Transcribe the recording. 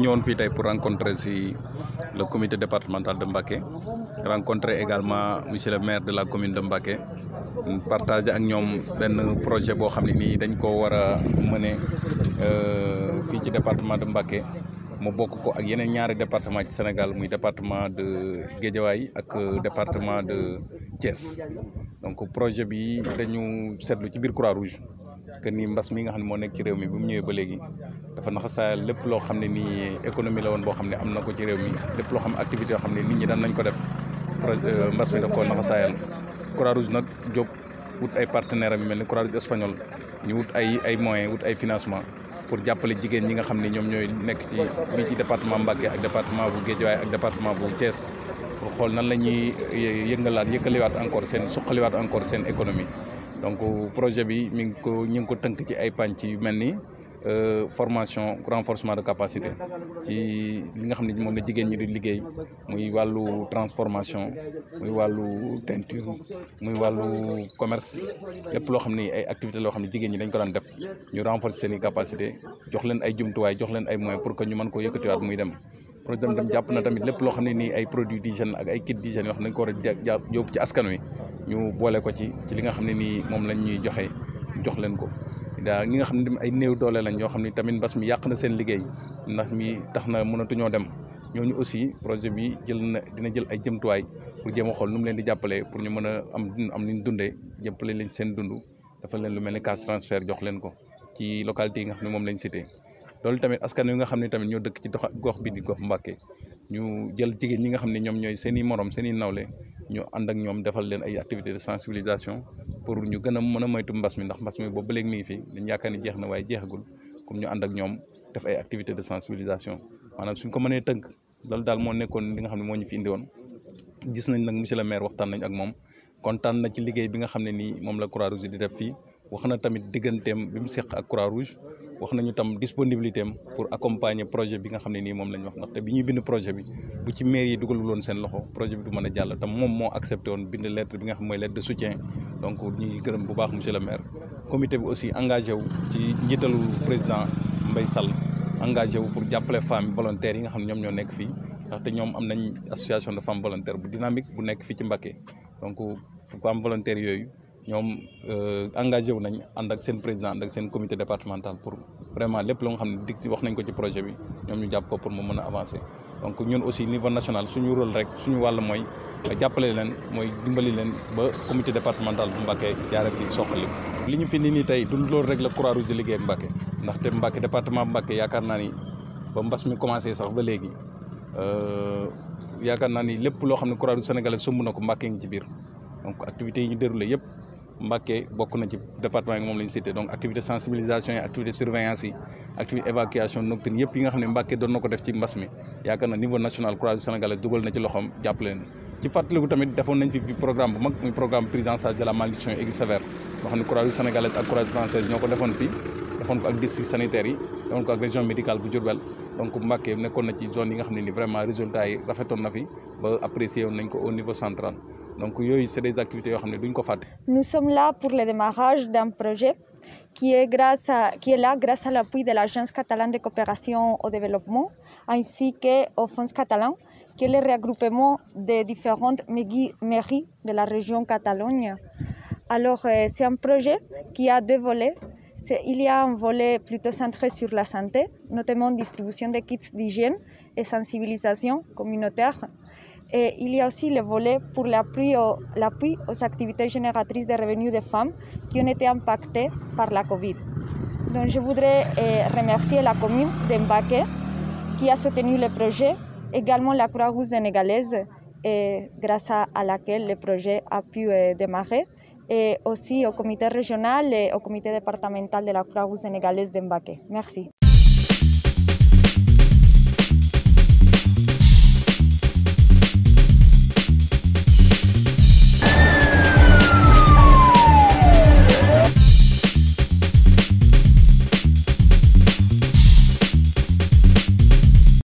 dañ ñëwoon fii tey pour rencontrer si le comité départemental de Mbacké rencontrer également monsieur le maire de la commune de Mbacké partager ak ñoom benn projet boo xam ne nii dañ koo war a mëne euh, fii ci département de Mbacké mu bokk ko ak yeneen ñaari département ci Sénégal muy département de Guédiawaye ak euh, département de Thiès donc projet bi dañu seetlu ci biir Croix-Rouge que ni mbas mi nga xam ne moo nekk ci réew mi bi mu ñëwee ba léegi dafa naxasaayal lépp loo xam ne nii économie la woon boo xam ne am na ko ci réew mi lépp loo xam ne activité yoo xam ne nit ñi daan nañ ko def euh, mbas mi na koo naxasaayal wut ay partenaire am yu mel ni Croix-Rouge espagnol ñu wut ay moyen wut ay financement pour jàppale jigéen ñi nga xam ne ñoom ñooy nekk ci fii ci département Mbacké ak département bu Guédiawaye ak département bu Thiès pour xool nan la ñuy euh, yëngalaat yëkkaliwaat encore seen suqaliwaat encore seen économie donc projet bi ñu ngi ko tënk ci ay pànc yu mel ni Euh, formation renforcement de capacité ci li nga xam ne moom la jigéen ñi di liggéey muy wàllu transformation muy wàllu teinture muy wàllu commerce loo xam ne ay activités loo xam ne jigéen ñi dañ ko daan def ñu renforcer seen i jox leen ay jumtuwaay jox leen ay moyens pour que ñu mën koo yëkkatiwaat muy dem projet tam jàpp na tamit lépp loo xam ne nii ay produits d'hygiène ak ay kit d'hygiène yoo xam ne dañ ko war a yóbbu ci askan wi ñu boole ko ci ci li nga xam ne nii moom lañ ñuy joxe jox leen ko daa ñi nga xam ne ay néew doole lañ ñoo xam ne tamit mbas mi yàq na seen liggéey ndax mi tax na mënatuñoo dem ñooñu aussi projet bi jël na dina jël ay jëmtuwaay pour jëm a xool nu mu leen di jàppalee pour ñu mën a am am lu ñu dundee jëppale leen seen dund dafa leen lu mel ni cash transfert jox leen ko ci localité yi nga xam ne moom lañ cité loolu tamit askan wi nga xam ne tamit ñoo dëkk ci dox gox bi di gox Mbàkke ñu jël jigéen ñi nga xam ne ñoom ñooy seen i morom seen i nawle ñu ànd ak ñoom defal leen ay activités de sensibilisation pour ñu gën a mën a moytu mbas mi ndax mbas mi boobu ba léegi mi ngi ni jeex na waaye jeexagul comme ñu ànd ak ñoom def ay activités de sensibilisation maanaam suñ ko mënee tënk loolu daal moo nekkoon li nga xam ne moo ñu fi indi woon gis nañ nag monsieur le maire waxtaan nañ ak moom kontaan na ci liggéey bi nga xam ne nii moom la Croix-Rouge di def fii wax na tamit digganteem bi mu seq ak Croix-Rouge wax nañu tam disponibilité am pour accompagner projet bi nga xam ne nii moom la ñu wax ndaxte bi ñuy bind projet bi bu ci maire yi dugalul woon seen loxo projet bi du mën a jàll tam moom moo accepté on bind lettre bi nga xam mooy lettre de soutien donc ñu ngi gërëm bu baax monsieur le maire. comité bi aussi engagé wu ci njiitalu président mbay sal engagé wu pour jàppale femmes volontaires yi nga xam ne ñoom ñoo nekk fi ndaxte ñoom am nañ association de femmes volontaires bu dynamique bu nekk fii ci Mbacké donc femmes volontaires yooyu. ñoom euh, engagé wu nañ ànd ak seen président ànd ak seen comité départemental pour vraiment lépp loo xam ne dig ci wax nañ ko ci projet bi ñoom ñu jàpp ko pour mu mën a avancer donc ñun aussi niveau national suñu rôle rek suñu wàll mooy jàppale leen mooy dimbali leen ba comité départemental bu Mbacké jaare fi soqali li ñu fi nii nii tey du loolu rek la Croix-Rouge liggéey Mbacké ndaxte Mbacké département Mbacké yaakaar naa ni ba mbas mi commencé sax ba léegi euh, yaakaar naa ni lépp loo xam ne Croix-Rouge sénégalaise sumb na ko Mbacké ngi ci biir donc activités yi ñu déroulé yëpp Mbacké bokk na ci département yi moom la ñu cité donc activité sensibilisation yi activité surveillance yi activité évacuation nocturne yëpp yi nga xam ne Mbacké doon na ko def ci mbas mi yaakaar na niveau national Croix-Rouge sénégalaise dugal na ci loxoom jàppale leen ci fàttaliku tamit defoon nañ fi programme bu mag muy programme prise en charge de la malnutrition aiguë sévère boo xam ne Croix-Rouge ak croix française ñoo ko defoon fii defoon ko ak district na ci zone yi nga xam ne ni vraiment résultat yi rafetoon na fi ba donc yooyu c'est des activités yoo ne duñ ko fàtte. nous sommes là pour le démarrage d'un projet qui est grâce là grâce à l'appui de l'agence catalane de coopération au développement ainsi que au fonds catalan qui est le regroupement des différentes mairies de la région Catalogne. Alors euh, c'est un projet qui a deux volets. Il y a un volet plutôt centré sur la santé, notamment distribution de kits d'hygiène et sensibilisation communautaire. Euh, il y a aussi le volet pour l'appui aux, aux, activités génératrices de revenus des femmes qui ont été impactées par la COVID. Donc je voudrais eh, remercier la commune d'Embaké qui a soutenu le projet, également la Croix-Rouge sénégalaise eh, grâce à, laquelle le projet a pu euh, démarrer, et aussi au comité régional et au comité départemental de la Croix-Rouge sénégalaise d'Embaké.